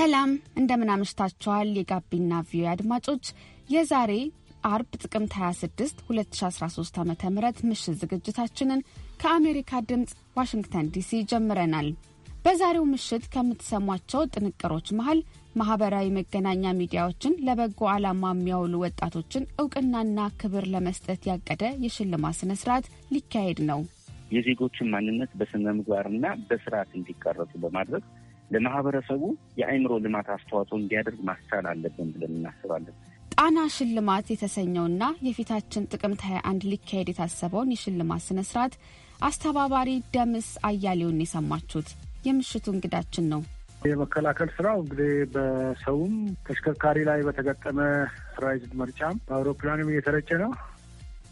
ሰላም እንደምን አምሽታችኋል። የጋቢና ቪዮ አድማጮች የዛሬ አርብ ጥቅምት 26 2013 ዓ ም ምሽት ዝግጅታችንን ከአሜሪካ ድምፅ ዋሽንግተን ዲሲ ጀምረናል። በዛሬው ምሽት ከምትሰሟቸው ጥንቅሮች መሀል ማህበራዊ መገናኛ ሚዲያዎችን ለበጎ ዓላማ የሚያውሉ ወጣቶችን እውቅናና ክብር ለመስጠት ያቀደ የሽልማት ስነ ስርዓት ሊካሄድ ነው። የዜጎችን ማንነት በስነ ምግባርና በስርዓት እንዲቀረጹ በማድረግ ለማህበረሰቡ የአእምሮ ልማት አስተዋጽኦ እንዲያደርግ ማስቻል አለብን ብለን እናስባለን። ጣና ሽልማት የተሰኘውና የፊታችን ጥቅምት 21 ሊካሄድ የታሰበውን የሽልማት ስነ ስርዓት አስተባባሪ ደምስ አያሌውን የሰማችሁት የምሽቱ እንግዳችን ነው። የመከላከል ስራው እንግዲህ በሰውም ተሽከርካሪ ላይ በተገጠመ ራይዝድ መርጫም በአውሮፕላንም እየተረጨ ነው።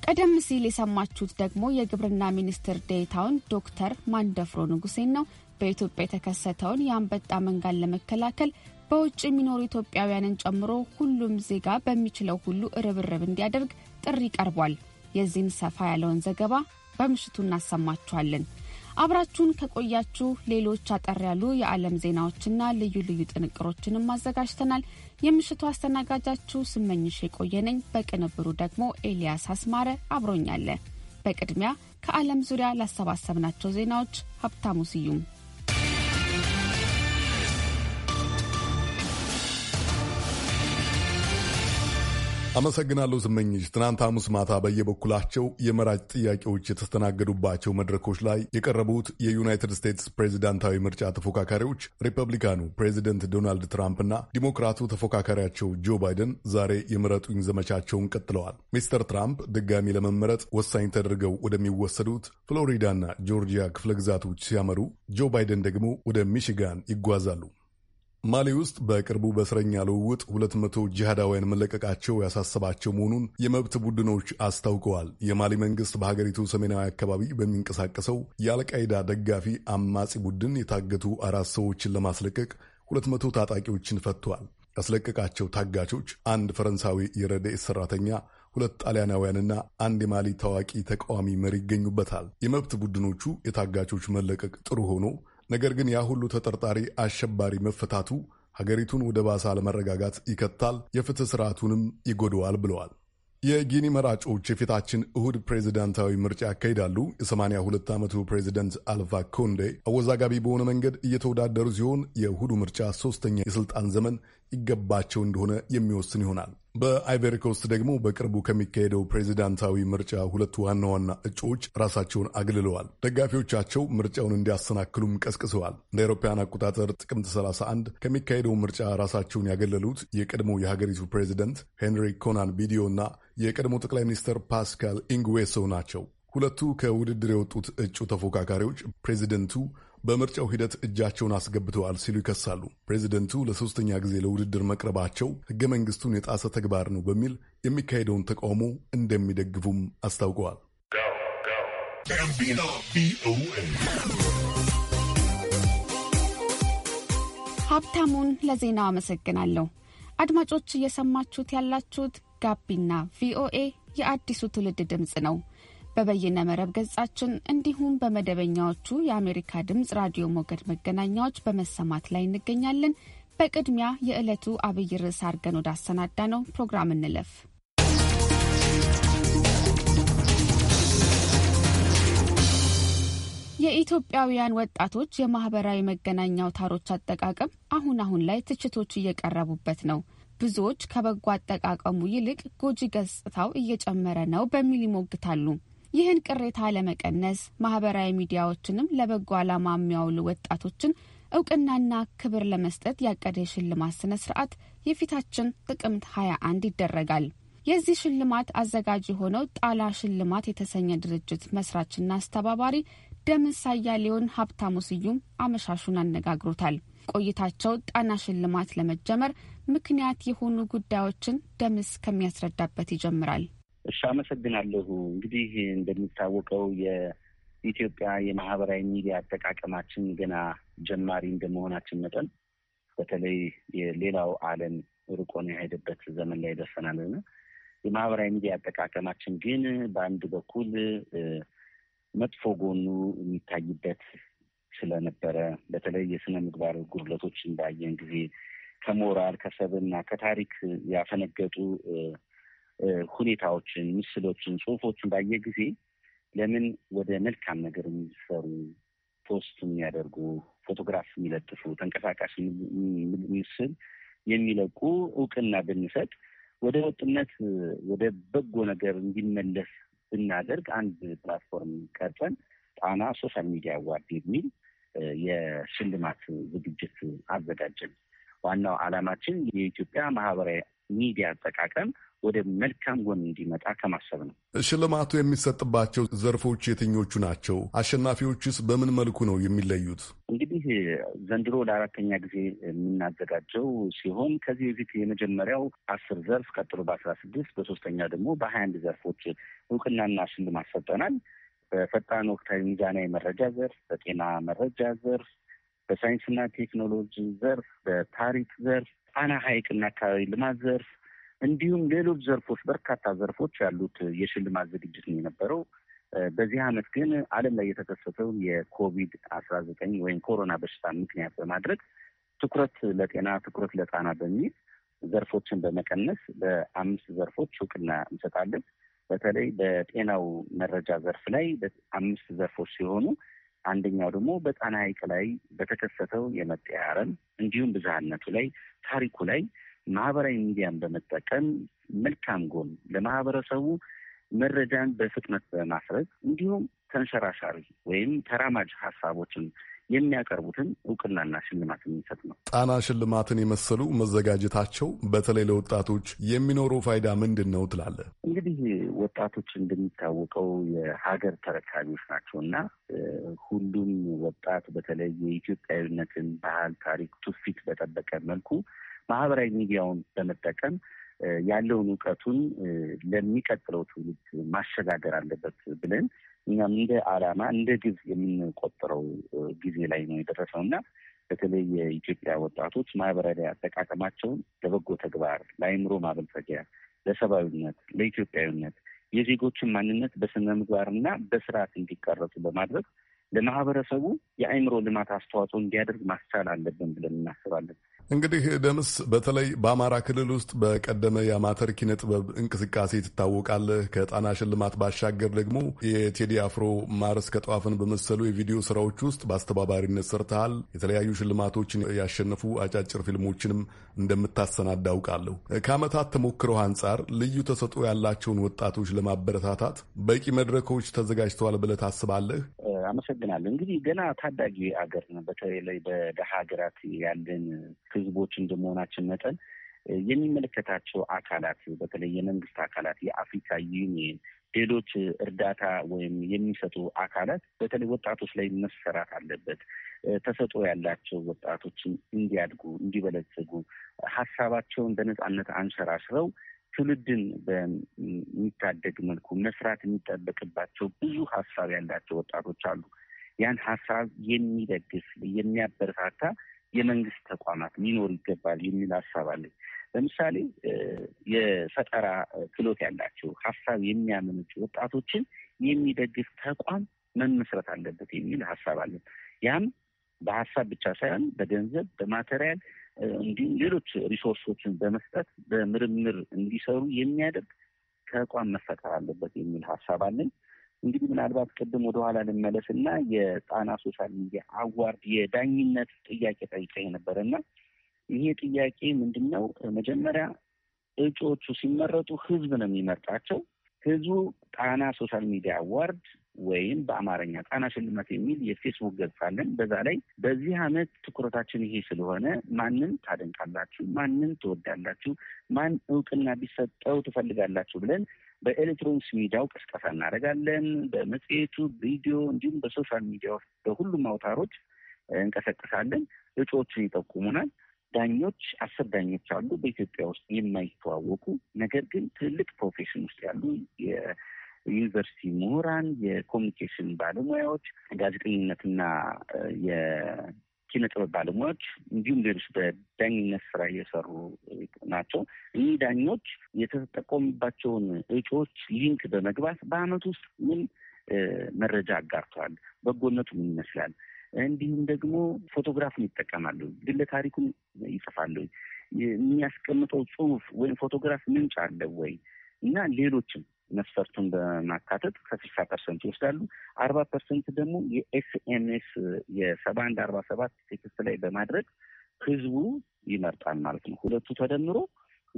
ቀደም ሲል የሰማችሁት ደግሞ የግብርና ሚኒስትር ዴታውን ዶክተር ማንደፍሮ ንጉሴን ነው። በኢትዮጵያ የተከሰተውን የአንበጣ መንጋን ለመከላከል በውጭ የሚኖሩ ኢትዮጵያውያንን ጨምሮ ሁሉም ዜጋ በሚችለው ሁሉ ርብርብ እንዲያደርግ ጥሪ ቀርቧል። የዚህን ሰፋ ያለውን ዘገባ በምሽቱ እናሰማችኋለን። አብራችሁን ከቆያችሁ ሌሎች አጠር ያሉ የዓለም ዜናዎችና ልዩ ልዩ ጥንቅሮችንም አዘጋጅተናል። የምሽቱ አስተናጋጃችሁ ስመኝሽ የቆየነኝ፣ በቅንብሩ ደግሞ ኤልያስ አስማረ አብሮኛለ። በቅድሚያ ከዓለም ዙሪያ ላሰባሰብናቸው ዜናዎች ሀብታሙ ስዩም አመሰግናለሁ ስመኝች! ትናንት ሐሙስ ማታ በየበኩላቸው የመራጭ ጥያቄዎች የተስተናገዱባቸው መድረኮች ላይ የቀረቡት የዩናይትድ ስቴትስ ፕሬዚዳንታዊ ምርጫ ተፎካካሪዎች ሪፐብሊካኑ ፕሬዚደንት ዶናልድ ትራምፕና ዲሞክራቱ ተፎካካሪያቸው ጆ ባይደን ዛሬ የምረጡኝ ዘመቻቸውን ቀጥለዋል። ሚስተር ትራምፕ ድጋሚ ለመመረጥ ወሳኝ ተደርገው ወደሚወሰዱት ፍሎሪዳና ጆርጂያ ክፍለ ግዛቶች ሲያመሩ፣ ጆ ባይደን ደግሞ ወደ ሚሽጋን ይጓዛሉ። ማሊ ውስጥ በቅርቡ በእስረኛ ልውውጥ ሁለት መቶ ጂሃዳውያን መለቀቃቸው ያሳሰባቸው መሆኑን የመብት ቡድኖች አስታውቀዋል። የማሊ መንግስት በሀገሪቱ ሰሜናዊ አካባቢ በሚንቀሳቀሰው የአልቃይዳ ደጋፊ አማጺ ቡድን የታገቱ አራት ሰዎችን ለማስለቀቅ ሁለት መቶ ታጣቂዎችን ፈጥቷል። ያስለቀቃቸው ታጋቾች አንድ ፈረንሳዊ የረድኤት ሰራተኛ ሁለት ጣሊያናውያንና አንድ የማሊ ታዋቂ ተቃዋሚ መሪ ይገኙበታል። የመብት ቡድኖቹ የታጋቾች መለቀቅ ጥሩ ሆኖ ነገር ግን ያ ሁሉ ተጠርጣሪ አሸባሪ መፈታቱ ሀገሪቱን ወደ ባሰ አለመረጋጋት ይከታል፣ የፍትህ ስርዓቱንም ይጎደዋል ብለዋል። የጊኒ መራጮች የፊታችን እሁድ ፕሬዚዳንታዊ ምርጫ ያካሂዳሉ። የ82 ዓመቱ ፕሬዚደንት አልፋ ኮንዴ አወዛጋቢ በሆነ መንገድ እየተወዳደሩ ሲሆን የእሁዱ ምርጫ ሶስተኛ የሥልጣን ዘመን ይገባቸው እንደሆነ የሚወስን ይሆናል። ኮስት ደግሞ በቅርቡ ከሚካሄደው ፕሬዚዳንታዊ ምርጫ ሁለቱ ዋና ዋና እጩዎች ራሳቸውን አግልለዋል። ደጋፊዎቻቸው ምርጫውን እንዲያሰናክሉም ቀስቅሰዋል። እንደ አውሮፓውያን አቆጣጠር ጥቅምት 31 ከሚካሄደው ምርጫ ራሳቸውን ያገለሉት የቀድሞ የሀገሪቱ ፕሬዚደንት ሄንሪ ኮናን ቢዲዮ እና የቀድሞ ጠቅላይ ሚኒስትር ፓስካል ኢንጉዌሶ ናቸው። ሁለቱ ከውድድር የወጡት እጩ ተፎካካሪዎች ፕሬዚደንቱ በምርጫው ሂደት እጃቸውን አስገብተዋል ሲሉ ይከሳሉ። ፕሬዚደንቱ ለሶስተኛ ጊዜ ለውድድር መቅረባቸው ህገ መንግስቱን የጣሰ ተግባር ነው በሚል የሚካሄደውን ተቃውሞ እንደሚደግፉም አስታውቀዋል። ሀብታሙን ለዜናው አመሰግናለሁ። አድማጮች እየሰማችሁት ያላችሁት ጋቢና ቪኦኤ የአዲሱ ትውልድ ድምፅ ነው። በበይነ መረብ ገጻችን እንዲሁም በመደበኛዎቹ የአሜሪካ ድምፅ ራዲዮ ሞገድ መገናኛዎች በመሰማት ላይ እንገኛለን። በቅድሚያ የዕለቱ አብይ ርዕስ አድርገን ወዳሰናዳ ነው ፕሮግራም እንለፍ። የኢትዮጵያውያን ወጣቶች የማህበራዊ መገናኛ አውታሮች አጠቃቀም አሁን አሁን ላይ ትችቶች እየቀረቡበት ነው። ብዙዎች ከበጎ አጠቃቀሙ ይልቅ ጎጂ ገጽታው እየጨመረ ነው በሚል ይሞግታሉ። ይህን ቅሬታ ለመቀነስ ማህበራዊ ሚዲያዎችንም ለበጎ ዓላማ የሚያውሉ ወጣቶችን እውቅናና ክብር ለመስጠት ያቀደ የሽልማት ስነ ስርዓት የፊታችን ጥቅምት 21 ይደረጋል። የዚህ ሽልማት አዘጋጅ የሆነው ጣላ ሽልማት የተሰኘ ድርጅት መስራችና አስተባባሪ ደምስ አያሌውን ሀብታሙ ስዩም አመሻሹን አነጋግሮታል። ቆይታቸው ጣና ሽልማት ለመጀመር ምክንያት የሆኑ ጉዳዮችን ደምስ ከሚያስረዳበት ይጀምራል። እሺ፣ አመሰግናለሁ። እንግዲህ እንደሚታወቀው የኢትዮጵያ የማህበራዊ ሚዲያ አጠቃቀማችን ገና ጀማሪ እንደመሆናችን መጠን በተለይ የሌላው ዓለም ርቆን የሄደበት ዘመን ላይ ደርሰናልና የማህበራዊ ሚዲያ አጠቃቀማችን ግን በአንድ በኩል መጥፎ ጎኑ የሚታይበት ስለነበረ በተለይ የስነ ምግባር ጉድለቶችን ባየን ጊዜ ከሞራል ከሰብና ከታሪክ ያፈነገጡ ሁኔታዎችን፣ ምስሎችን፣ ጽሁፎችን ባየ ጊዜ ለምን ወደ መልካም ነገር የሚሰሩ ፖስት የሚያደርጉ ፎቶግራፍ የሚለጥፉ ተንቀሳቃሽ ምስል የሚለቁ እውቅና ብንሰጥ ወደ ወጥነት ወደ በጎ ነገር እንዲመለስ ብናደርግ አንድ ፕላትፎርም ቀርጸን ጣና ሶሻል ሚዲያ አዋርድ የሚል የሽልማት ዝግጅት አዘጋጀን። ዋናው ዓላማችን የኢትዮጵያ ማህበራዊ ሚዲያ አጠቃቀም ወደ መልካም ጎን እንዲመጣ ከማሰብ ነው። ሽልማቱ የሚሰጥባቸው ዘርፎች የትኞቹ ናቸው? አሸናፊዎችስ በምን መልኩ ነው የሚለዩት? እንግዲህ ዘንድሮ ለአራተኛ ጊዜ የምናዘጋጀው ሲሆን ከዚህ በፊት የመጀመሪያው አስር ዘርፍ ቀጥሎ በአስራ ስድስት በሶስተኛ ደግሞ በሀያ አንድ ዘርፎች እውቅናና ሽልማት ሰጠናል። በፈጣን ወቅታዊ ሚዛናዊ መረጃ ዘርፍ፣ በጤና መረጃ ዘርፍ፣ በሳይንስና ቴክኖሎጂ ዘርፍ፣ በታሪክ ዘርፍ፣ ጣና ሐይቅና አካባቢ ልማት ዘርፍ እንዲሁም ሌሎች ዘርፎች በርካታ ዘርፎች ያሉት የሽልማት ዝግጅት ነው የነበረው። በዚህ ዓመት ግን ዓለም ላይ የተከሰተውን የኮቪድ አስራ ዘጠኝ ወይም ኮሮና በሽታ ምክንያት በማድረግ ትኩረት ለጤና ትኩረት ለጣና በሚል ዘርፎችን በመቀነስ በአምስት ዘርፎች እውቅና እንሰጣለን። በተለይ በጤናው መረጃ ዘርፍ ላይ አምስት ዘርፎች ሲሆኑ አንደኛው ደግሞ በጣና ሐይቅ ላይ በተከሰተው የመጤ አረም እንዲሁም ብዝሃነቱ ላይ ታሪኩ ላይ ማህበራዊ ሚዲያን በመጠቀም መልካም ጎን ለማህበረሰቡ መረጃን በፍጥነት በማስረግ እንዲሁም ተንሸራሻሪ ወይም ተራማጅ ሀሳቦችን የሚያቀርቡትን እውቅናና ሽልማት የሚሰጥ ነው። ጣና ሽልማትን የመሰሉ መዘጋጀታቸው በተለይ ለወጣቶች የሚኖረው ፋይዳ ምንድን ነው ትላለ? እንግዲህ ወጣቶች እንደሚታወቀው የሀገር ተረካቢዎች ናቸው እና ሁሉም ወጣት በተለይ የኢትዮጵያዊነትን ባህል፣ ታሪክ፣ ትውፊት በጠበቀ መልኩ ማህበራዊ ሚዲያውን በመጠቀም ያለውን እውቀቱን ለሚቀጥለው ትውልድ ማሸጋገር አለበት ብለን እኛም እንደ ዓላማ እንደ ግብ የምንቆጠረው ጊዜ ላይ ነው የደረሰው እና በተለይ የኢትዮጵያ ወጣቶች ማህበራዊ አጠቃቀማቸውን ለበጎ ተግባር፣ ለአእምሮ ማበልጸጊያ፣ ለሰብአዊነት፣ ለኢትዮጵያዊነት የዜጎችን ማንነት በስነ ምግባርና በስርዓት እንዲቀረጹ በማድረግ ለማህበረሰቡ የአእምሮ ልማት አስተዋጽኦ እንዲያደርግ ማስቻል አለብን ብለን እናስባለን። እንግዲህ ደምስ በተለይ በአማራ ክልል ውስጥ በቀደመ የአማተር ኪነ ጥበብ እንቅስቃሴ ትታወቃለህ። ከጣና ሽልማት ባሻገር ደግሞ የቴዲ አፍሮ ማርስ ከጠዋፍን በመሰሉ የቪዲዮ ስራዎች ውስጥ በአስተባባሪነት ሰርተሃል። የተለያዩ ሽልማቶችን ያሸነፉ አጫጭር ፊልሞችንም እንደምታሰናዳ አውቃለሁ። ከዓመታት ተሞክረው አንጻር ልዩ ተሰጥኦ ያላቸውን ወጣቶች ለማበረታታት በቂ መድረኮች ተዘጋጅተዋል ብለህ ታስባለህ? አመሰግናለሁ። እንግዲህ ገና ታዳጊ ሀገር ነው። በተለይ በደሃ ሀገራት ያለን ህዝቦች እንደመሆናችን መጠን የሚመለከታቸው አካላት በተለይ የመንግስት አካላት፣ የአፍሪካ ዩኒየን፣ ሌሎች እርዳታ ወይም የሚሰጡ አካላት በተለይ ወጣቶች ላይ መሰራት አለበት። ተሰጦ ያላቸው ወጣቶችን እንዲያድጉ፣ እንዲበለጽጉ ሀሳባቸውን በነጻነት አንሸራሽረው ትውልድን በሚታደግ መልኩ መስራት የሚጠበቅባቸው ብዙ ሀሳብ ያላቸው ወጣቶች አሉ። ያን ሀሳብ የሚደግፍ የሚያበረታታ የመንግስት ተቋማት ሊኖር ይገባል የሚል ሀሳብ አለ። ለምሳሌ የፈጠራ ክህሎት ያላቸው ሀሳብ የሚያመነጩ ወጣቶችን የሚደግፍ ተቋም መመስረት አለበት የሚል ሀሳብ አለን። ያም በሀሳብ ብቻ ሳይሆን በገንዘብ፣ በማቴሪያል፣ እንዲሁም ሌሎች ሪሶርሶችን በመስጠት በምርምር እንዲሰሩ የሚያደርግ ተቋም መፈጠር አለበት የሚል ሀሳብ አለን። እንግዲህ ምናልባት ቅድም ወደኋላ ልመለስ እና የጣና ሶሻል ሚዲያ አዋርድ የዳኝነት ጥያቄ ጠይቀኝ ነበረ እና ይሄ ጥያቄ ምንድን ነው? መጀመሪያ እጩዎቹ ሲመረጡ ህዝብ ነው የሚመርጣቸው። ህዝቡ ጣና ሶሻል ሚዲያ አዋርድ ወይም በአማርኛ ጣና ሽልማት የሚል የፌስቡክ ገጽ አለን። በዛ ላይ በዚህ አመት ትኩረታችን ይሄ ስለሆነ ማንን ታደንቃላችሁ፣ ማንን ትወዳላችሁ፣ ማን እውቅና ቢሰጠው ትፈልጋላችሁ ብለን በኤሌክትሮኒክስ ሚዲያው ቅስቀሳ እናደርጋለን። በመጽሔቱ ቪዲዮ፣ እንዲሁም በሶሻል ሚዲያ በሁሉም አውታሮች እንቀሰቅሳለን። እጩዎቹን ይጠቁሙናል። ዳኞች አስር ዳኞች አሉ በኢትዮጵያ ውስጥ የማይተዋወቁ ነገር ግን ትልቅ ፕሮፌሽን ውስጥ ያሉ ዩኒቨርሲቲ ምሁራን፣ የኮሚኒኬሽን ባለሙያዎች፣ ጋዜጠኝነትና የኪነጥበብ ባለሙያዎች እንዲሁም ሌሎች በዳኝነት ስራ እየሰሩ ናቸው። እኒህ ዳኞች የተጠቆሙባቸውን እጩዎች ሊንክ በመግባት በአመት ውስጥ ምን መረጃ አጋርተዋል፣ በጎነቱ ምን ይመስላል፣ እንዲሁም ደግሞ ፎቶግራፉን ይጠቀማሉ፣ ግለ ታሪኩን ይጽፋሉ፣ የሚያስቀምጠው ጽሁፍ ወይም ፎቶግራፍ ምንጭ አለ ወይ እና ሌሎችም መስፈርቱን በማካተት ከስልሳ ፐርሰንት ይወስዳሉ። አርባ ፐርሰንት ደግሞ የኤስኤምኤስ የሰባ አንድ አርባ ሰባት ቴክስት ላይ በማድረግ ህዝቡ ይመርጣል ማለት ነው። ሁለቱ ተደምሮ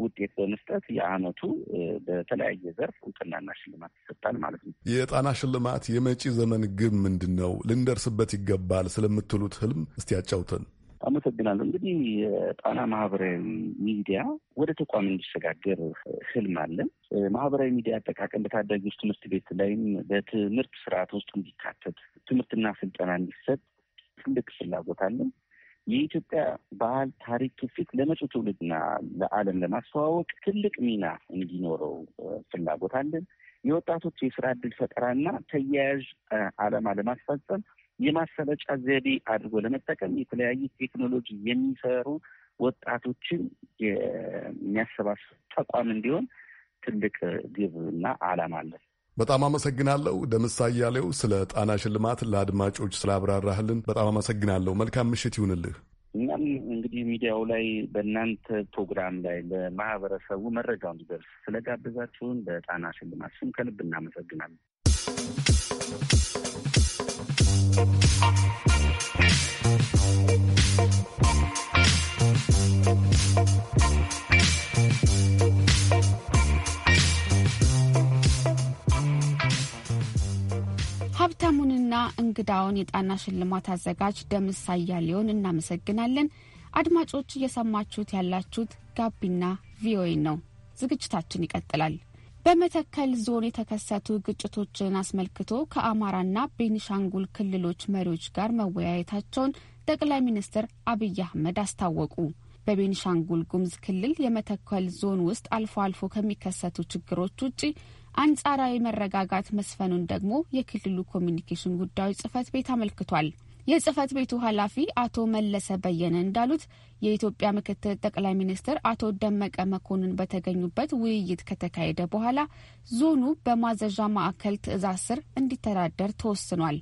ውጤት በመስጠት የአመቱ በተለያየ ዘርፍ እውቅናና ሽልማት ይሰጣል ማለት ነው። የጣና ሽልማት የመጪ ዘመን ግብ ምንድን ነው? ልንደርስበት ይገባል ስለምትሉት ህልም እስቲ ያጫውተን። አመሰግናለሁ። እንግዲህ የጣና ማህበራዊ ሚዲያ ወደ ተቋም እንዲሸጋገር ህልም አለን። ማህበራዊ ሚዲያ አጠቃቀም በታዳጊዎች ትምህርት ቤት ላይም በትምህርት ስርዓት ውስጥ እንዲካተት ትምህርትና ስልጠና እንዲሰጥ ትልቅ ፍላጎት አለን። የኢትዮጵያ ባህል፣ ታሪክ፣ ትውፊት ለመጪው ትውልድና ለዓለም ለማስተዋወቅ ትልቅ ሚና እንዲኖረው ፍላጎት አለን። የወጣቶች የስራ እድል ፈጠራና ተያያዥ አለማ ለማስፈጸም የማሰረጫ ዘዴ አድርጎ ለመጠቀም የተለያዩ ቴክኖሎጂ የሚሰሩ ወጣቶችን የሚያሰባስብ ተቋም እንዲሆን ትልቅ ግብ እና ዓላማ አለን። በጣም አመሰግናለሁ ደምሳ እያሌው ስለ ጣና ሽልማት ለአድማጮች ስላብራራህልን በጣም አመሰግናለሁ። መልካም ምሽት ይሁንልህ። እኛም እንግዲህ ሚዲያው ላይ በእናንተ ፕሮግራም ላይ ለማህበረሰቡ መረጃው እንዲደርስ ስለጋብዛችሁን በጣና ሽልማት ስም ከልብ እናመሰግናለን። ሀብታሙንና እንግዳውን የጣና ሽልማት አዘጋጅ ደምስ አያሌውን እናመሰግናለን። አድማጮች እየሰማችሁት ያላችሁት ጋቢና ቪኦኤ ነው። ዝግጅታችን ይቀጥላል። በመተከል ዞን የተከሰቱ ግጭቶችን አስመልክቶ ከአማራና ቤኒሻንጉል ክልሎች መሪዎች ጋር መወያየታቸውን ጠቅላይ ሚኒስትር አብይ አህመድ አስታወቁ። በቤኒሻንጉል ጉሙዝ ክልል የመተከል ዞን ውስጥ አልፎ አልፎ ከሚከሰቱ ችግሮች ውጪ አንጻራዊ መረጋጋት መስፈኑን ደግሞ የክልሉ ኮሚኒኬሽን ጉዳዮች ጽህፈት ቤት አመልክቷል። የጽህፈት ቤቱ ኃላፊ አቶ መለሰ በየነ እንዳሉት የኢትዮጵያ ምክትል ጠቅላይ ሚኒስትር አቶ ደመቀ መኮንን በተገኙበት ውይይት ከተካሄደ በኋላ ዞኑ በማዘዣ ማዕከል ትዕዛዝ ስር እንዲተዳደር ተወስኗል።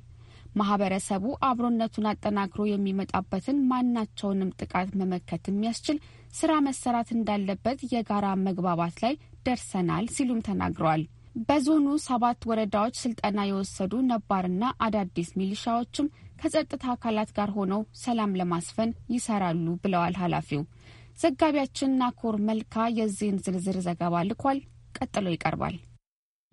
ማህበረሰቡ አብሮነቱን አጠናክሮ የሚመጣበትን ማናቸውንም ጥቃት መመከት የሚያስችል ስራ መሰራት እንዳለበት የጋራ መግባባት ላይ ደርሰናል ሲሉም ተናግረዋል። በዞኑ ሰባት ወረዳዎች ስልጠና የወሰዱ ነባርና አዳዲስ ሚሊሻዎችም ከጸጥታ አካላት ጋር ሆነው ሰላም ለማስፈን ይሰራሉ ብለዋል ኃላፊው። ዘጋቢያችን ናኮር መልካ የዚህን ዝርዝር ዘገባ ልኳል። ቀጥሎ ይቀርባል።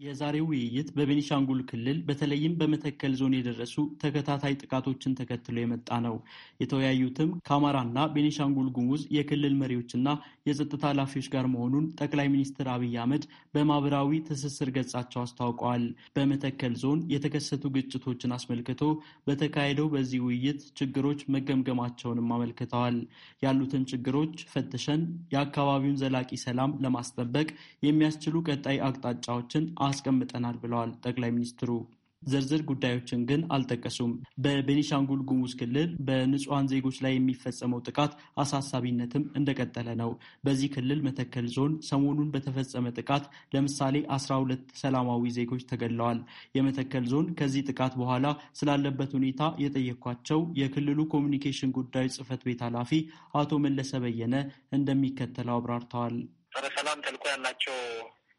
የዛሬው ውይይት በቤኒሻንጉል ክልል በተለይም በመተከል ዞን የደረሱ ተከታታይ ጥቃቶችን ተከትሎ የመጣ ነው። የተወያዩትም ከአማራና ቤኒሻንጉል ጉሙዝ የክልል መሪዎችና የጸጥታ ኃላፊዎች ጋር መሆኑን ጠቅላይ ሚኒስትር አብይ አህመድ በማህበራዊ ትስስር ገጻቸው አስታውቀዋል። በመተከል ዞን የተከሰቱ ግጭቶችን አስመልክቶ በተካሄደው በዚህ ውይይት ችግሮች መገምገማቸውንም አመልክተዋል። ያሉትን ችግሮች ፈትሸን የአካባቢውን ዘላቂ ሰላም ለማስጠበቅ የሚያስችሉ ቀጣይ አቅጣጫዎችን አስቀምጠናል ብለዋል ጠቅላይ ሚኒስትሩ። ዝርዝር ጉዳዮችን ግን አልጠቀሱም። በቤኒሻንጉል ጉሙዝ ክልል በንጹሐን ዜጎች ላይ የሚፈጸመው ጥቃት አሳሳቢነትም እንደቀጠለ ነው። በዚህ ክልል መተከል ዞን ሰሞኑን በተፈጸመ ጥቃት ለምሳሌ አስራ ሁለት ሰላማዊ ዜጎች ተገድለዋል። የመተከል ዞን ከዚህ ጥቃት በኋላ ስላለበት ሁኔታ የጠየኳቸው የክልሉ ኮሚኒኬሽን ጉዳዮች ጽህፈት ቤት ኃላፊ አቶ መለሰ በየነ እንደሚከተለው አብራርተዋል። ጸረ ሰላም ያላቸው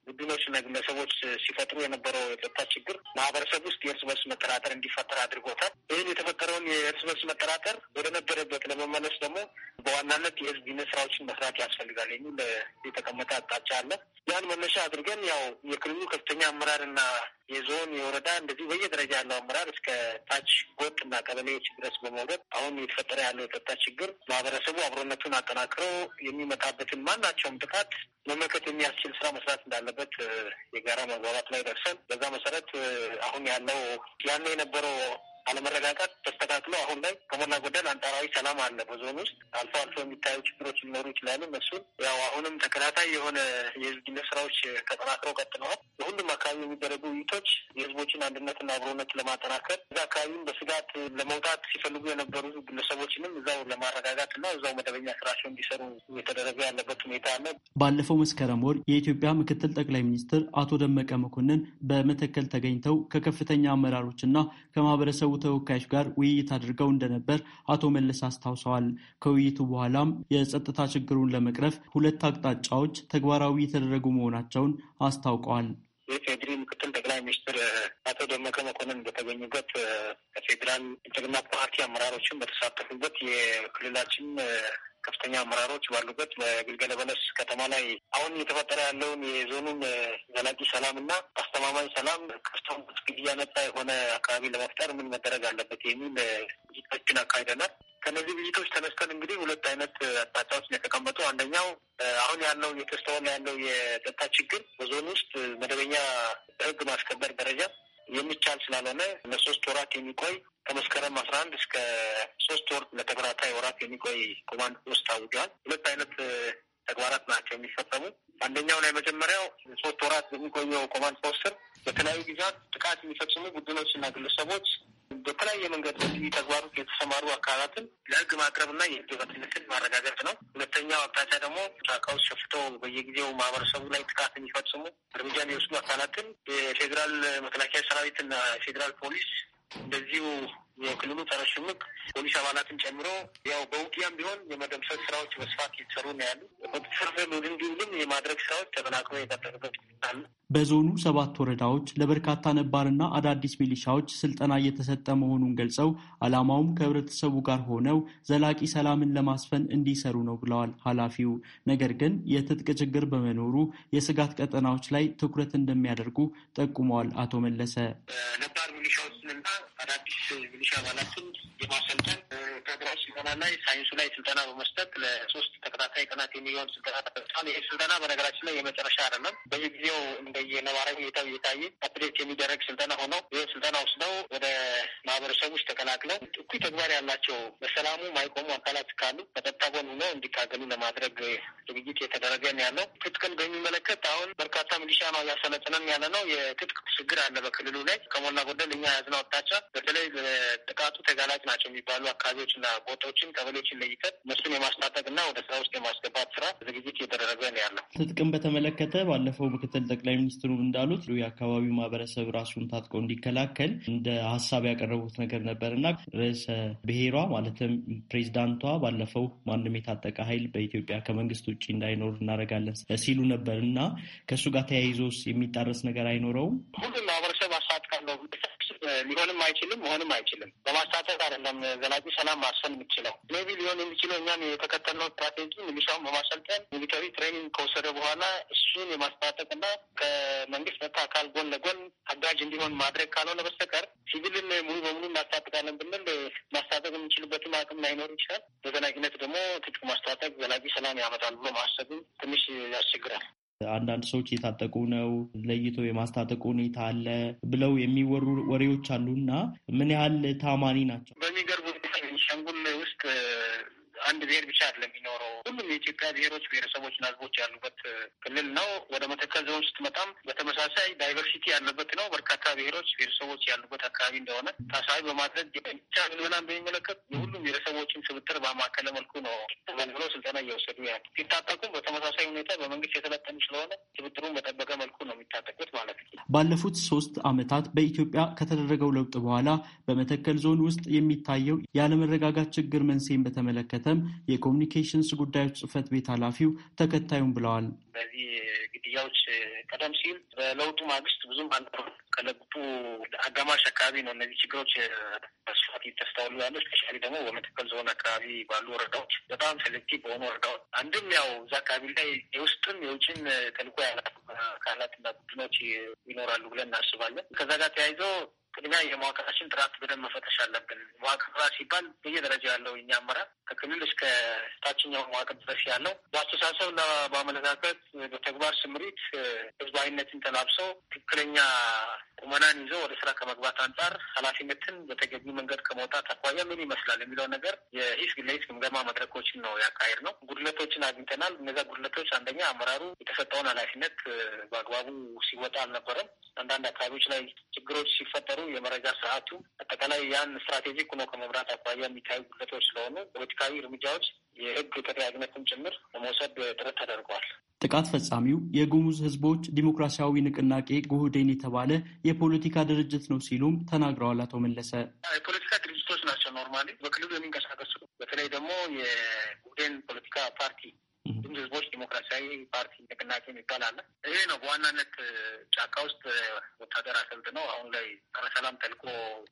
ቡድኖች ግለሰቦች ሲፈጥሩ የነበረው የጸጥታ ችግር ማህበረሰብ ውስጥ የእርስ በርስ መጠራጠር እንዲፈጠር አድርጎታል። ይህን የተፈጠረውን የእርስ በርስ መጠራጠር ወደ ነበረበት ለመመለስ ደግሞ በዋናነት የህዝብ ግንኙነት ስራዎችን መስራት ያስፈልጋል የሚል የተቀመጠ አቅጣጫ አለ። ያን መነሻ አድርገን ያው የክልሉ ከፍተኛ አመራር እና የዞን የወረዳ እንደዚህ በየደረጃ ያለው አመራር እስከ ታች ጎጥ እና ቀበሌዎች ድረስ በመውደድ አሁን የተፈጠረ ያለው የጸጥታ ችግር ማህበረሰቡ አብሮነቱን አጠናክሮ የሚመጣበትን ማናቸውም ጥቃት መመከት የሚያስችል ስራ መስራት እንዳለበት ባለበት የጋራ መግባባት ላይ ደርሰን በዛ መሰረት አሁን ያለው ያኔ የነበረው አለመረጋጋት ተስተካክሎ አሁን ላይ ከሞላ ጎደል አንጻራዊ ሰላም አለ። በዞን ውስጥ አልፎ አልፎ የሚታዩ ችግሮች ሊኖሩ ይችላሉ። እነሱን ያው አሁንም ተከታታይ የሆነ የህዝብ ስራዎች ተጠናክረው ቀጥለዋል። በሁሉም አካባቢ የሚደረጉ ውይይቶች የህዝቦችን አንድነትና አብሮነት ለማጠናከር እዛ አካባቢም በስጋት ለመውጣት ሲፈልጉ የነበሩ ግለሰቦችንም እዛው ለማረጋጋት እና እዛው መደበኛ ስራቸው እንዲሰሩ የተደረገ ያለበት ሁኔታ አለ። ባለፈው መስከረም ወር የኢትዮጵያ ምክትል ጠቅላይ ሚኒስትር አቶ ደመቀ መኮንን በመተከል ተገኝተው ከከፍተኛ አመራሮችና ከማህበረሰቡ ተወካዮች ጋር ውይይት አድርገው እንደነበር አቶ መለስ አስታውሰዋል። ከውይይቱ በኋላም የጸጥታ ችግሩን ለመቅረፍ ሁለት አቅጣጫዎች ተግባራዊ የተደረጉ መሆናቸውን አስታውቀዋል። የፌድሪ ምክትል ጠቅላይ ሚኒስትር አቶ ደመቀ መኮንን በተገኙበት ከፌዴራል ብልጽግና ፓርቲ አመራሮችን በተሳተፉበት የክልላችን ከፍተኛ አመራሮች ባሉበት በግልገል በለስ ከተማ ላይ አሁን እየተፈጠረ ያለውን የዞኑን ዘላቂ ሰላም እና አስተማማኝ ሰላም ከፍቶም ግድያ ነጻ የሆነ አካባቢ ለመፍጠር ምን መደረግ አለበት የሚል ውይይቶችን አካሂደናል። ከነዚህ ብይቶች ተነስተን እንግዲህ ሁለት አይነት አቅጣጫዎች ነው የተቀመጡ። አንደኛው አሁን ያለው የተስተዋለ ያለው የጸጥታ ችግር በዞን ውስጥ መደበኛ በህግ ማስከበር ደረጃ የሚቻል ስላልሆነ ለሶስት ወራት የሚቆይ ከመስከረም አስራ አንድ እስከ ሶስት ወር ለተከታታይ ወራት የሚቆይ ኮማንድ ፖስት አውጇል። ሁለት አይነት ተግባራት ናቸው የሚፈጸሙ ላይ መጀመሪያው ሶስት ወራት በሚቆየው ኮማንድ ፖስት ስር በተለያዩ ጊዜያት ጥቃት የሚፈጽሙ ቡድኖችና ግለሰቦች በተለያየ መንገድ በልዩ ተግባሩ የተሰማሩ አካላትን ለህግ ማቅረብና የሕግ የህግበትነትን ማረጋገጥ ነው። ሁለተኛው አቅጣጫ ደግሞ ጫቃዎች ሸፍቶ በየጊዜው ማህበረሰቡ ላይ ጥቃት የሚፈጽሙ እርምጃ የሚወስዱ አካላትን የፌዴራል መከላከያ ሰራዊትና የፌዴራል ፖሊስ እንደዚሁ የክልሉ ጸረ ሽምቅ ፖሊስ አባላትን ጨምሮ ያው በውጊያም ቢሆን የመደምሰስ ስራዎች በስፋት እየተሰሩ ነው ያሉ ቁጥጥር ስር እንዲውልም የማድረግ ስራዎች ተጠናክሮ የቀጠሉበት በዞኑ ሰባት ወረዳዎች ለበርካታ ነባርና አዳዲስ ሚሊሻዎች ስልጠና እየተሰጠ መሆኑን ገልጸው ዓላማውም ከህብረተሰቡ ጋር ሆነው ዘላቂ ሰላምን ለማስፈን እንዲሰሩ ነው ብለዋል ኃላፊው። ነገር ግን የትጥቅ ችግር በመኖሩ የስጋት ቀጠናዎች ላይ ትኩረት እንደሚያደርጉ ጠቁመዋል። አቶ መለሰ ነባር ሚሊሻዎች እና አዳዲስ ሚሊሻ አባላትን የማሰልጠን ስልጠና ላይ ሳይንሱ ላይ ስልጠና በመስጠት ለሶስት ተከታታይ ቀናት የሚሆን ስልጠና ተሰጥቷል። ይህ ስልጠና በነገራችን ላይ የመጨረሻ አይደለም። በየጊዜው እንደየነባራዊ ሁኔታ እየታየ አፕዴት የሚደረግ ስልጠና ሆነው ይህ ስልጠና ወስደው ወደ ማህበረሰቡ ውስጥ ተቀላቅለው እኩይ ተግባር ያላቸው በሰላሙ ማይቆሙ አካላት ካሉ በጸጥታ ጎን ሆኖ እንዲታገሉ ለማድረግ ዝግጅት የተደረገ ነው ያለው። ትጥቅን በሚመለከት አሁን በርካታ ሚሊሻ ነው እያሰለጥነን ያለ ነው። የትጥቅ ችግር አለ በክልሉ ላይ ከሞላ ጎደል እኛ ያዝነው አቅጣጫ በተለይ ጥቃቱ ተጋላጭ ናቸው የሚባሉ አካባቢዎች እና ቦታዎችን፣ ቀበሌዎችን ለይተን እነሱን የማስታጠቅ እና ወደ ስራ ውስጥ የማስገባት ስራ ዝግጅት እየተደረገ ነው ያለው። ትጥቅም በተመለከተ ባለፈው ምክትል ጠቅላይ ሚኒስትሩ እንዳሉት የአካባቢው ማህበረሰብ ራሱን ታጥቆ እንዲከላከል እንደ ሀሳብ ያቀረቡት ነገር ነበር እና ርዕሰ ብሔሯ ማለትም ፕሬዚዳንቷ ባለፈው ማንም የታጠቀ ኃይል በኢትዮጵያ ከመንግስት ውጭ እንዳይኖር እናደርጋለን ሲሉ ነበር እና ከእሱ ጋር ተያይዞስ የሚጣረስ ነገር አይኖረውም? ሁሉም አንችልም። በማስታጠቅ አይደለም ዘላቂ ሰላም ማርሰን የምችለው። ሜቢ ሊሆን የሚችለው እኛም የተከተልነው ስትራቴጂ ሚሊሻውን በማሰልጠን ሚሊተሪ ትሬኒንግ ከወሰደ በኋላ እሱን የማስታጠቅና ከመንግስት መታ አካል ጎን ለጎን አጋዥ እንዲሆን ማድረግ ካልሆነ በስተቀር ሲቪልን ሙሉ በሙሉ እናስታጥቃለን ብንል ማስታጠቅ የምንችልበትን አቅም ላይኖር ይችላል። በዘላቂነት ደግሞ ትጩ ማስታጠቅ ዘላቂ ሰላም ያመጣል ብሎ ማሰብም ትንሽ ያስቸግራል። አንዳንድ ሰዎች የታጠቁ ነው ለይቶ የማስታጠቁ ሁኔታ አለ ብለው የሚወሩ ወሬዎች አሉና ምን ያህል ታማኒ ናቸው? በሚገርቡ ሸንጉል ውስጥ አንድ ብሔር ብቻ አይደለም የሚኖረው ሁሉም የኢትዮጵያ ብሔሮች ብሔረሰቦችና ህዝቦች ያሉበት ክልል ነው። ወደ መተከል ዞን ስትመጣም በተመሳሳይ ዳይቨርሲቲ ያለበት ነው። በርካታ ብሔሮች ብሔረሰቦች ያሉበት አካባቢ እንደሆነ ታሳቢ በማድረግ ብቻ ምልመላን በሚመለከት የሁሉም ብሔረሰቦችን ስብጥር በማከለ መልኩ ነው ብሎ ስልጠና እየወሰዱ ያሉ ሲታጠቁም በተመሳሳይ ሁኔታ በመንግስት የተለጠኑ ስለሆነ ስብጥሩን በጠበቀ መልኩ ነው የሚታጠቁት ማለት ነው። ባለፉት ሶስት አመታት በኢትዮጵያ ከተደረገው ለውጥ በኋላ በመተከል ዞን ውስጥ የሚታየው ያለመረጋጋት ችግር መንስኤን በተመለከተም የኮሚኒኬሽንስ ጉዳዮች ጽህፈት ቤት ኃላፊው ተከታዩም ብለዋል። በዚህ ግድያዎች ቀደም ሲል በለውጡ ማግስት ብዙም አንተ ከለውጡ አጋማሽ አካባቢ ነው እነዚህ ችግሮች መስፋት ይተስተዋሉ ያለ ስፔሻሊ ደግሞ በመተከል ዞን አካባቢ ባሉ ወረዳዎች በጣም ሴሌክቲቭ በሆኑ ወረዳዎች አንድም ያው እዛ አካባቢ ላይ የውስጥም የውጭም ተልኮ ያላት አካላትና ቡድኖች ይኖራሉ ብለን እናስባለን። ከዛ ጋር ተያይዘው ቅድሚያ የመዋቅራችን ጥራት በደንብ መፈተሽ አለብን። መዋቅር ሲባል በየደረጃው ያለው እኛ አመራር ከክልል እስከ ታችኛው መዋቅር ድረስ ያለው በአስተሳሰብና በአመለካከት በተግባር ስምሪት ህዝባዊነትን ተላብሰው ትክክለኛ ቁመናን ይዞ ወደ ስራ ከመግባት አንጻር ኃላፊነትን በተገቢ መንገድ ከመውጣት አኳያ ምን ይመስላል የሚለው ነገር የሂስግ ለሂስ ግምገማ መድረኮችን ነው ያካሄድ ነው። ጉድለቶችን አግኝተናል። እነዚ ጉድለቶች አንደኛ አመራሩ የተሰጠውን ኃላፊነት በአግባቡ ሲወጣ አልነበረም። አንዳንድ አካባቢዎች ላይ ችግሮች ሲፈጠሩ የመረጃ ስርዓቱ አጠቃላይ ያን ስትራቴጂክ ሆኖ ከመምራት አኳያ የሚታዩ ጉድለቶች ስለሆኑ ፖለቲካዊ እርምጃዎች የህግ ተጠያቂነትን ጭምር ለመውሰድ ጥረት ተደርጓል። ጥቃት ፈጻሚው የጉሙዝ ህዝቦች ዲሞክራሲያዊ ንቅናቄ ጉህዴን የተባለ የፖለቲካ ድርጅት ነው ሲሉም ተናግረዋል። አቶ መለሰ የፖለቲካ ድርጅቶች ናቸው ኖርማሊ በክልሉ የሚንቀሳቀሱ በተለይ ደግሞ የጉህዴን ፖለቲካ ፓርቲ ግን ህዝቦች ዲሞክራሲያዊ ፓርቲ ንቅናቄ የሚባል አለ። ይሄ ነው በዋናነት ጫካ ውስጥ ወታደር ነው። አሁን ላይ ጸረ ሰላም ተልዕኮ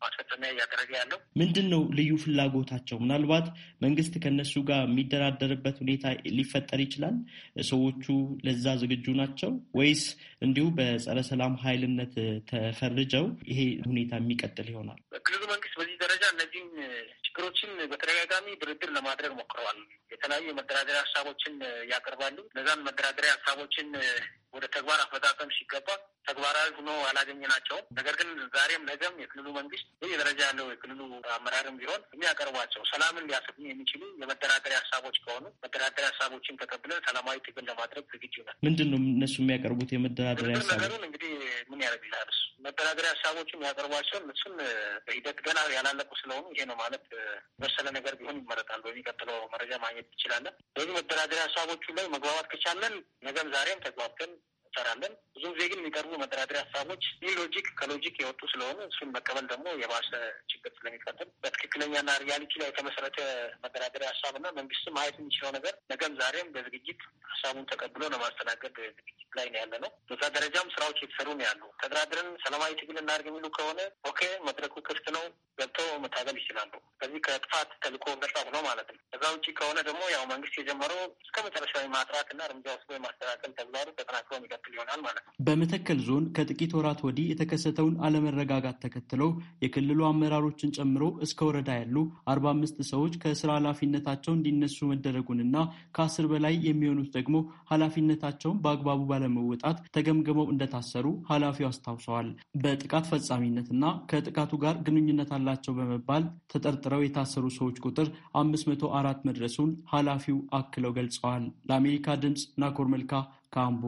ማስፈጸሚያ እያደረገ ያለው ምንድን ነው? ልዩ ፍላጎታቸው ምናልባት መንግስት ከነሱ ጋር የሚደራደርበት ሁኔታ ሊፈጠር ይችላል። ሰዎቹ ለዛ ዝግጁ ናቸው ወይስ እንዲሁ በጸረ ሰላም ኃይልነት ተፈርጀው ይሄ ሁኔታ የሚቀጥል ይሆናል? ክልሉ መንግስት በዚህ ደረጃ እነዚህን ችግሮችን በተለ ድርድር ለማድረግ ሞክረዋል። የተለያዩ የመደራደሪያ ሀሳቦችን ያቀርባሉ። እነዛን መደራደሪያ ሀሳቦችን ወደ ተግባር አፈጻጸም ሲገባ ተግባራዊ ሆኖ አላገኘናቸውም። ነገር ግን ዛሬም ነገም የክልሉ መንግስት ደረጃ ያለው የክልሉ አመራርም ቢሆን የሚያቀርቧቸው ሰላምን ሊያሰፍኑ የሚችሉ የመደራደሪያ ሀሳቦች ከሆኑ መደራደሪያ ሀሳቦችን ተቀብለን ሰላማዊ ትግል ለማድረግ ዝግጁ ነን። ምንድን ነው እነሱ የሚያቀርቡት የመደራደሪያ ሀሳቦች? ነገሩን እንግዲህ ምን ያደርግልሃል እሱ መደራደሪያ ሀሳቦችን ያቀርቧቸውን እሱን በሂደት ገና ያላለቁ ስለሆኑ ይሄ ነው ማለት መሰለ ነገር ቢሆን ይመረጣል። በሚቀጥለው መረጃ ማግኘት ትችላለን። በዚህ መደራደሪያ ሀሳቦቹ ላይ መግባባት ከቻለን ነገም ዛሬም ተግባብተን እንሰራለን። ብዙ ጊዜ ግን የሚቀርቡ መደራደሪያ ሀሳቦች ይህ ሎጂክ ከሎጂክ የወጡ ስለሆነ እሱን መቀበል ደግሞ የባሰ ችግር ስለሚፈጥር በትክክለኛና ሪያሊቲ ላይ የተመሰረተ መደራደሪያ ሀሳብና መንግስት ማየት የሚችለው ነገር ነገም ዛሬም በዝግጅት ሀሳቡን ተቀብሎ ለማስተናገድ ዝግጅት ላይ ነው ያለ ነው። በዛ ደረጃም ስራዎች የተሰሩ ነው ያሉ። ተደራድረን ሰላማዊ ትግል እናድርግ የሚሉ ከሆነ ኦኬ፣ መድረኩ ክፍት ነው፣ ገብተው መታገል ይችላሉ። ከዚህ ከጥፋት ተልእኮ መጣ ብሎ ማለት ነው። ከዛ ውጭ ከሆነ ደግሞ ያው መንግስት የጀመረው እስከ መጨረሻዊ ማጥራት እና እርምጃ ውስጥ የማስተካከል ተግባሩ ተጠናክሮ የሚቀጥል የሚያክል ይሆናል ማለት ነው። በመተከል ዞን ከጥቂት ወራት ወዲህ የተከሰተውን አለመረጋጋት ተከትለው የክልሉ አመራሮችን ጨምሮ እስከ ወረዳ ያሉ አርባ አምስት ሰዎች ከስራ ኃላፊነታቸው እንዲነሱ መደረጉንና ከአስር በላይ የሚሆኑት ደግሞ ኃላፊነታቸውን በአግባቡ ባለመወጣት ተገምግመው እንደታሰሩ ኃላፊው አስታውሰዋል። በጥቃት ፈጻሚነትና ከጥቃቱ ጋር ግንኙነት አላቸው በመባል ተጠርጥረው የታሰሩ ሰዎች ቁጥር አምስት መቶ አራት መድረሱን ኃላፊው አክለው ገልጸዋል። ለአሜሪካ ድምፅ ናኮር መልካ ካምቦ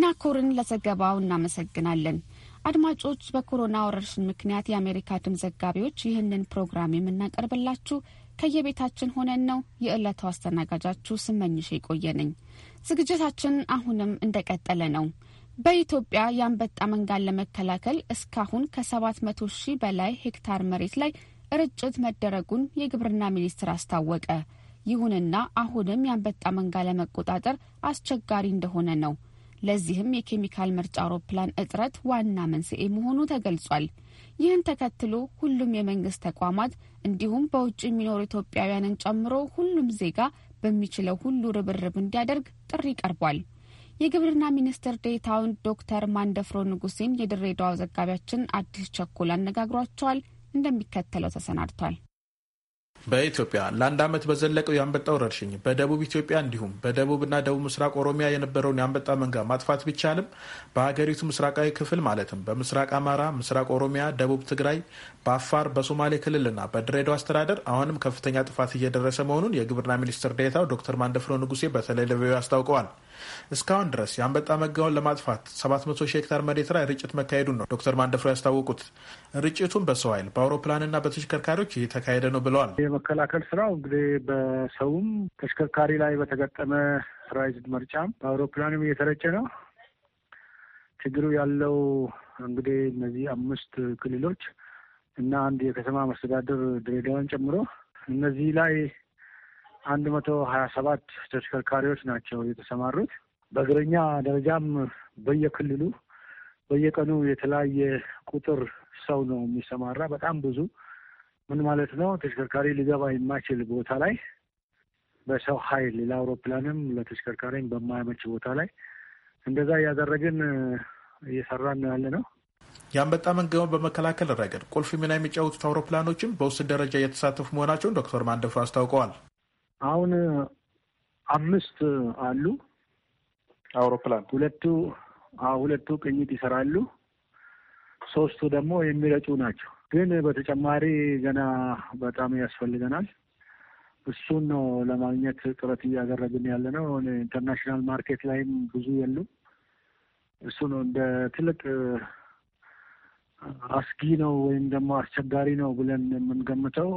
ናኮርን ለዘገባው እናመሰግናለን። አድማጮች፣ በኮሮና ወረርሽኝ ምክንያት የአሜሪካ ድምፅ ዘጋቢዎች ይህንን ፕሮግራም የምናቀርብላችሁ ከየቤታችን ሆነን ነው። የዕለቱ አስተናጋጃችሁ ስመኝሽ የቆየ ነኝ። ዝግጅታችን አሁንም እንደቀጠለ ነው። በኢትዮጵያ የአንበጣ መንጋን ለመከላከል እስካሁን ከ700 ሺህ በላይ ሄክታር መሬት ላይ ርጭት መደረጉን የግብርና ሚኒስቴር አስታወቀ። ይሁንና አሁንም የአንበጣ መንጋ ለመቆጣጠር አስቸጋሪ እንደሆነ ነው። ለዚህም የኬሚካል ምርጫ አውሮፕላን እጥረት ዋና መንስኤ መሆኑ ተገልጿል። ይህን ተከትሎ ሁሉም የመንግስት ተቋማት እንዲሁም በውጭ የሚኖሩ ኢትዮጵያውያንን ጨምሮ ሁሉም ዜጋ በሚችለው ሁሉ ርብርብ እንዲያደርግ ጥሪ ቀርቧል። የግብርና ሚኒስትር ዴታውን ዶክተር ማንደፍሮ ንጉሴን የድሬዳዋ ዘጋቢያችን አዲስ ቸኮል አነጋግሯቸዋል። እንደሚከተለው ተሰናድቷል። በኢትዮጵያ ለአንድ ዓመት በዘለቀው የአንበጣ ወረርሽኝ በደቡብ ኢትዮጵያ እንዲሁም በደቡብና ደቡብ ምስራቅ ኦሮሚያ የነበረውን የአንበጣ መንጋ ማጥፋት ቢቻልም በሀገሪቱ ምስራቃዊ ክፍል ማለትም በምስራቅ አማራ፣ ምስራቅ ኦሮሚያ፣ ደቡብ ትግራይ፣ በአፋር፣ በሶማሌ ክልልና በድሬዳዋ አስተዳደር አሁንም ከፍተኛ ጥፋት እየደረሰ መሆኑን የግብርና ሚኒስትር ዴታው ዶክተር ማንደፍሮ ንጉሴ በተለይ ለቪኦኤ አስታውቀዋል። እስካሁን ድረስ የአንበጣ መጋውን ለማጥፋት 700 ሺህ ሄክታር መሬት ላይ ርጭት መካሄዱን ነው ዶክተር ማንደፍሮ ያስታወቁት። ርጭቱን በሰው ኃይል በአውሮፕላንና በተሽከርካሪዎች እየተካሄደ ነው ብለዋል። የመከላከል ስራው እንግዲህ በሰውም ተሽከርካሪ ላይ በተገጠመ ራይዝድ መርጫም በአውሮፕላንም እየተረጨ ነው። ችግሩ ያለው እንግዲህ እነዚህ አምስት ክልሎች እና አንድ የከተማ መስተዳደር ድሬዳዋን ጨምሮ እነዚህ ላይ አንድ መቶ ሀያ ሰባት ተሽከርካሪዎች ናቸው የተሰማሩት። በእግረኛ ደረጃም በየክልሉ በየቀኑ የተለያየ ቁጥር ሰው ነው የሚሰማራ። በጣም ብዙ ምን ማለት ነው? ተሽከርካሪ ሊገባ የማይችል ቦታ ላይ በሰው ኃይል ለአውሮፕላንም ለተሽከርካሪም በማያመች ቦታ ላይ እንደዛ እያደረግን እየሰራን ነው ያለ ነው። የአንበጣ መንጋውን በመከላከል ረገድ ቁልፍ ሚና የሚጫወቱት አውሮፕላኖችም በውስጥ ደረጃ እየተሳተፉ መሆናቸውን ዶክተር ማንደፉ አስታውቀዋል። አሁን አምስት አሉ አውሮፕላን ሁለቱ ሁለቱ ቅኝት ይሰራሉ፣ ሶስቱ ደግሞ የሚረጩ ናቸው። ግን በተጨማሪ ገና በጣም ያስፈልገናል። እሱን ነው ለማግኘት ጥረት እያደረግን ያለ ነው። ኢንተርናሽናል ማርኬት ላይም ብዙ የሉም። እሱ ነው እንደ ትልቅ አስጊ ነው ወይም ደግሞ አስቸጋሪ ነው ብለን የምንገምተው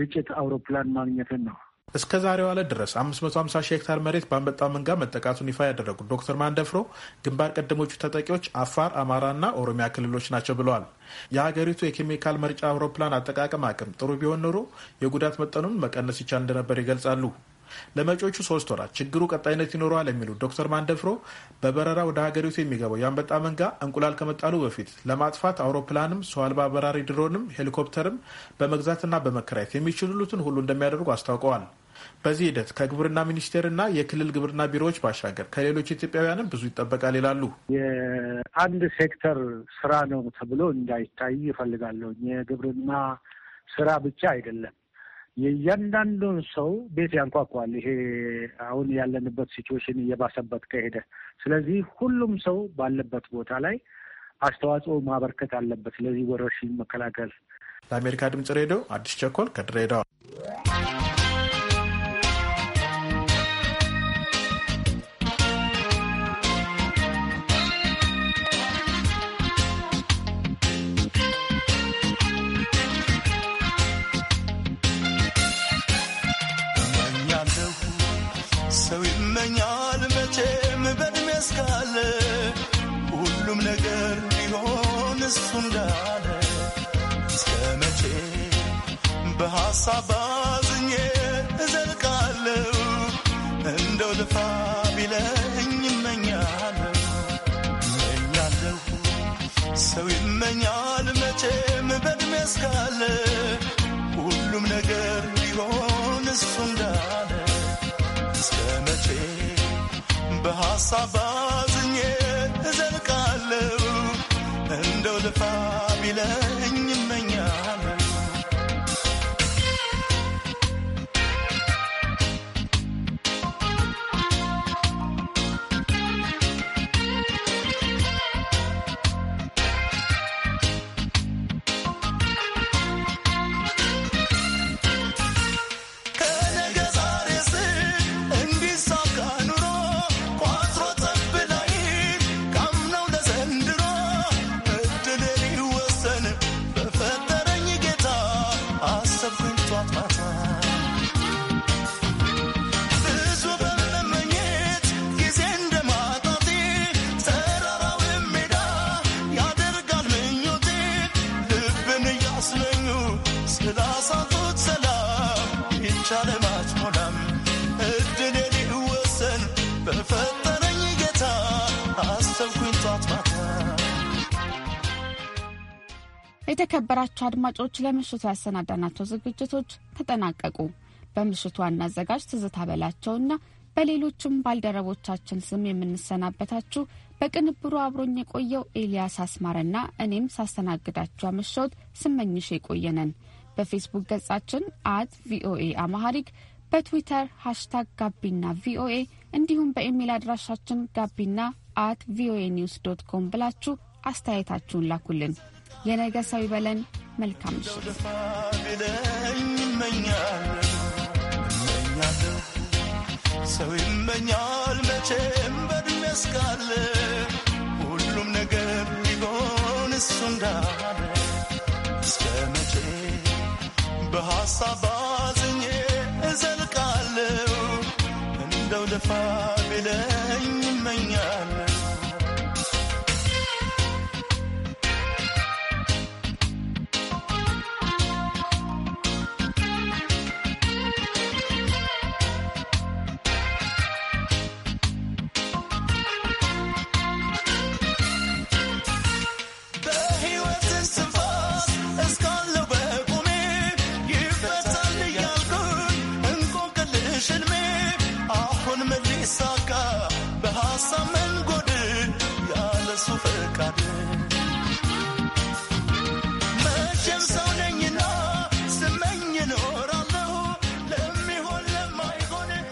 ርጭት አውሮፕላን ማግኘትን ነው። እስከ ዛሬው ዕለት ድረስ 550 ሺህ ሄክታር መሬት በአንበጣ መንጋ መጠቃቱን ይፋ ያደረጉት ዶክተር ማንደፍሮ ግንባር ቀደሞቹ ተጠቂዎች አፋር፣ አማራና ኦሮሚያ ክልሎች ናቸው ብለዋል። የሀገሪቱ የኬሚካል መርጫ አውሮፕላን አጠቃቀም አቅም ጥሩ ቢሆን ኖሮ የጉዳት መጠኑን መቀነስ ይቻል እንደነበር ይገልጻሉ። ለመጪዎቹ ሶስት ወራት ችግሩ ቀጣይነት ይኖረዋል የሚሉት ዶክተር ማንደፍሮ በበረራ ወደ ሀገሪቱ የሚገባው የአንበጣ መንጋ እንቁላል ከመጣሉ በፊት ለማጥፋት አውሮፕላንም ሰው አልባ በራሪ ድሮንም ሄሊኮፕተርም በመግዛትና በመከራየት የሚችሉትን ሁሉ እንደሚያደርጉ አስታውቀዋል። በዚህ ሂደት ከግብርና ሚኒስቴርና የክልል ግብርና ቢሮዎች ባሻገር ከሌሎች ኢትዮጵያውያንም ብዙ ይጠበቃል ይላሉ። የአንድ ሴክተር ስራ ነው ተብሎ እንዳይታይ ይፈልጋለሁ። የግብርና ስራ ብቻ አይደለም የእያንዳንዱን ሰው ቤት ያንኳኳል። ይሄ አሁን ያለንበት ሲትዌሽን እየባሰበት ከሄደ፣ ስለዚህ ሁሉም ሰው ባለበት ቦታ ላይ አስተዋጽኦ ማበርከት አለበት ለዚህ ወረርሽኝ መከላከል። ለአሜሪካ ድምጽ ሬዲዮ አዲስ ቸኮል ከድሬዳዋ እሱ እንዳለ እስከ መቼ በሐሳብ አዝኜ እዘልቃለሁ። እንደው ልፋ ቢለኝ እመኛለሁ እመኛለሁ ሰው ይመኛል መቼም በዕድሜ እስካለ ሁሉም ነገር ቢሆን እሱ እንዳለ እስከ መቼ በሐሳብ fabulous. የተከበራቸው አድማጮች ለምሽቱ ያሰናዳናቸው ዝግጅቶች ተጠናቀቁ። በምሽቱ ዋና አዘጋጅ ትዝታ በላቸውና በሌሎችም ባልደረቦቻችን ስም የምንሰናበታችሁ በቅንብሩ አብሮኝ የቆየው ኤልያስ አስማረና እኔም ሳስተናግዳችሁ አመሻወት ስመኝሽ የቆየነን በፌስቡክ ገጻችን አት ቪኦኤ አማሃሪክ በትዊተር ሃሽታግ ጋቢና ቪኦኤ እንዲሁም በኢሜይል አድራሻችን ጋቢና አት ቪኦኤ ኒውስ ዶት ኮም ብላችሁ አስተያየታችሁን ላኩልን። የነገ ሰው ይበለን። መልካም ሰው ይመኛል መቼም በድሜ እስካለ በሀሳብ አዝኜ እዘልቃለሁ እንደው ደፋ ቢለኝ